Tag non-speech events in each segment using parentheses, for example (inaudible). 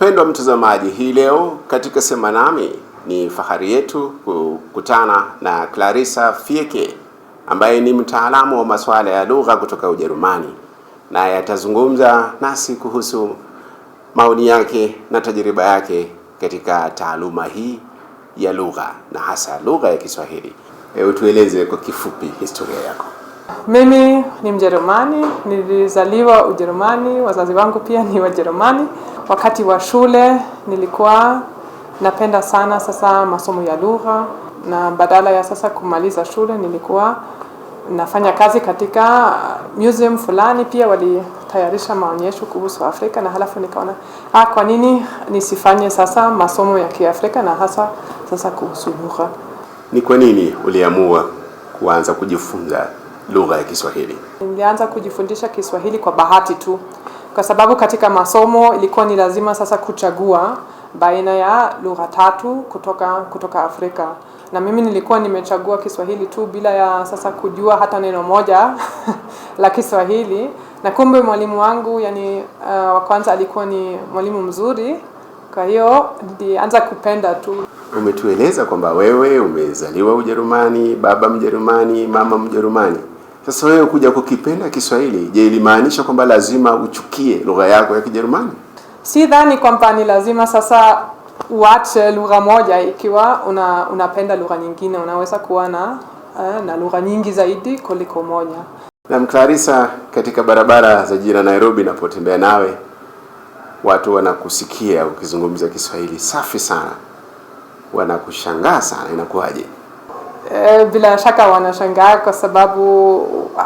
Mpendwa mtazamaji, hii leo katika Sema Nami ni fahari yetu kukutana na Clarissa fieke ambaye ni mtaalamu wa masuala ya lugha kutoka Ujerumani, naye atazungumza nasi kuhusu maoni yake na tajriba yake katika taaluma hii ya lugha na hasa lugha ya Kiswahili. Hebu tueleze kwa kifupi historia yako. Mimi ni Mjerumani, nilizaliwa Ujerumani, wazazi wangu pia ni Wajerumani. Wakati wa shule nilikuwa napenda sana sasa masomo ya lugha, na badala ya sasa kumaliza shule nilikuwa nafanya kazi katika museum fulani, pia walitayarisha maonyesho kuhusu Afrika na halafu nikaona ah, kwa nini nisifanye sasa masomo ya Kiafrika na hasa sasa kuhusu lugha. Ni kwa nini uliamua kuanza kujifunza lugha ya Kiswahili? Nilianza kujifundisha Kiswahili kwa bahati tu kwa sababu katika masomo ilikuwa ni lazima sasa kuchagua baina ya lugha tatu kutoka kutoka Afrika na mimi nilikuwa nimechagua Kiswahili tu bila ya sasa kujua hata neno moja (laughs) la Kiswahili, na kumbe mwalimu wangu yani, uh, wa kwanza alikuwa ni mwalimu mzuri, kwa hiyo nilianza kupenda tu. Umetueleza kwamba wewe umezaliwa Ujerumani, baba Mjerumani, mama Mjerumani. Sasa wewe kuja kukipenda Kiswahili, je, ilimaanisha kwamba lazima uchukie lugha yako ya Kijerumani? Si dhani kwamba ni lazima sasa uache lugha moja. Ikiwa una, unapenda lugha nyingine, unaweza kuwa na eh, na lugha nyingi zaidi kuliko moja. Na Clarissa, katika barabara za jiji la Nairobi napotembea nawe, watu wanakusikia ukizungumza Kiswahili safi sana, wanakushangaa sana, inakuwaje? e, bila shaka wanashangaa kwa sababu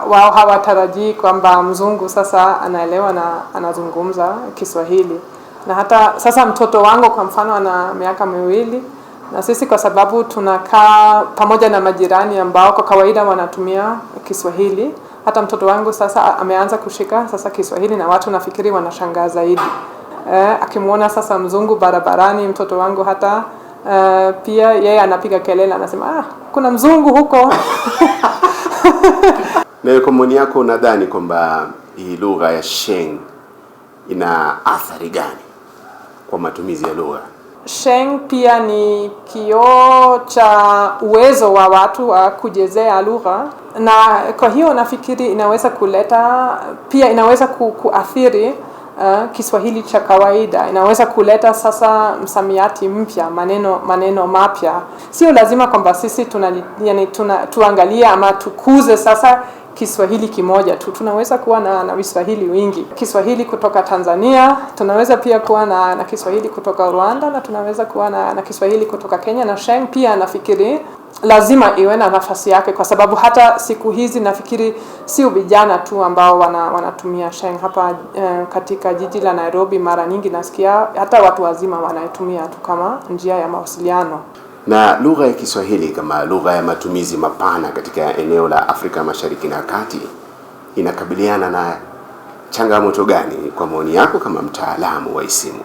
wao hawatarajii kwamba mzungu sasa anaelewa na anazungumza Kiswahili. Na hata sasa mtoto wangu kwa mfano ana miaka miwili, na sisi kwa sababu tunakaa pamoja na majirani ambao kwa kawaida wanatumia Kiswahili, hata mtoto wangu sasa ameanza kushika sasa Kiswahili na watu nafikiri wanashangaa zaidi. E, akimwona sasa mzungu barabarani mtoto wangu hata Uh, pia yeye anapiga kelele anasema, ah, kuna mzungu huko. Na (laughs) kwa maoni yako unadhani kwamba hii lugha ya Sheng ina athari gani kwa matumizi ya lugha? Sheng pia ni kioo cha uwezo wa watu wa kujezea lugha, na kwa hiyo nafikiri inaweza kuleta pia inaweza ku, kuathiri uh, Kiswahili cha kawaida inaweza kuleta sasa msamiati mpya, maneno maneno mapya. Sio lazima kwamba sisi tuna, yani, tuna tuangalie ama tukuze sasa Kiswahili kimoja tu, tunaweza kuwa na, na Kiswahili wingi, Kiswahili kutoka Tanzania, tunaweza pia kuwa na, na Kiswahili kutoka Rwanda na tunaweza kuwa na, na Kiswahili kutoka Kenya na Sheng pia nafikiri lazima iwe na nafasi yake, kwa sababu hata siku hizi nafikiri si vijana tu ambao wana, wanatumia Sheng hapa eh, katika jiji la Nairobi. Mara nyingi nasikia hata watu wazima wanaitumia tu kama njia ya mawasiliano na lugha ya Kiswahili kama lugha ya matumizi mapana katika eneo la Afrika Mashariki na Kati inakabiliana na changamoto gani kwa maoni yako kama mtaalamu wa isimu?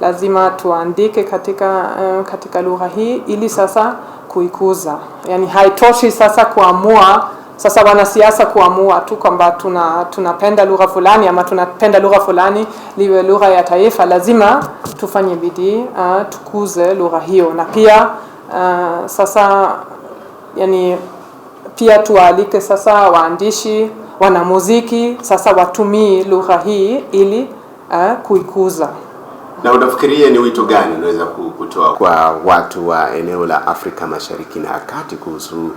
Lazima tuandike katika um, katika lugha hii ili sasa kuikuza. Yaani haitoshi sasa kuamua sasa wanasiasa kuamua tu kwamba tuna tunapenda lugha fulani ama tunapenda lugha fulani liwe lugha ya taifa. Lazima tufanye bidii uh, tukuze lugha hiyo na pia Ah, sasa yani pia tuwaalike sasa waandishi, wanamuziki sasa watumie lugha hii ili uh, kuikuza. Na unafikiria ni wito gani unaweza kutoa kwa watu wa eneo la Afrika Mashariki na Kati kuhusu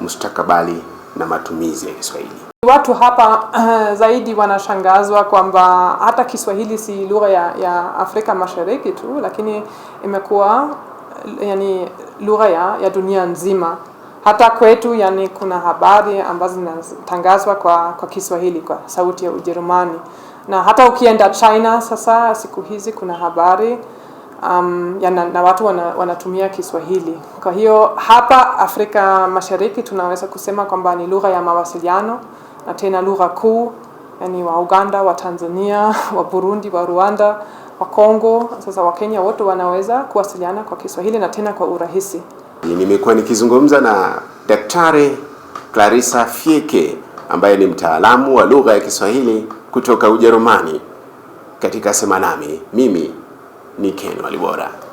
mustakabali na matumizi ya Kiswahili? Watu hapa uh, (clears throat) zaidi wanashangazwa kwamba hata Kiswahili si lugha ya, ya Afrika Mashariki tu, lakini imekuwa yani lugha ya, ya dunia nzima. Hata kwetu yani kuna habari ambazo zinatangazwa kwa, kwa Kiswahili kwa sauti ya Ujerumani, na hata ukienda China sasa siku hizi kuna habari um, ya na, na watu wana, wanatumia Kiswahili. Kwa hiyo hapa Afrika Mashariki tunaweza kusema kwamba ni lugha ya mawasiliano na tena lugha kuu, yani wa Uganda, wa Tanzania, (laughs) wa Burundi, wa Rwanda Wakongo sasa Wakenya wote wanaweza kuwasiliana kwa Kiswahili na tena kwa urahisi. Nimekuwa nikizungumza na Daktari Clarissa fieke ambaye ni mtaalamu wa lugha ya Kiswahili kutoka Ujerumani katika Sema Nami. Mimi ni Ken Walibora.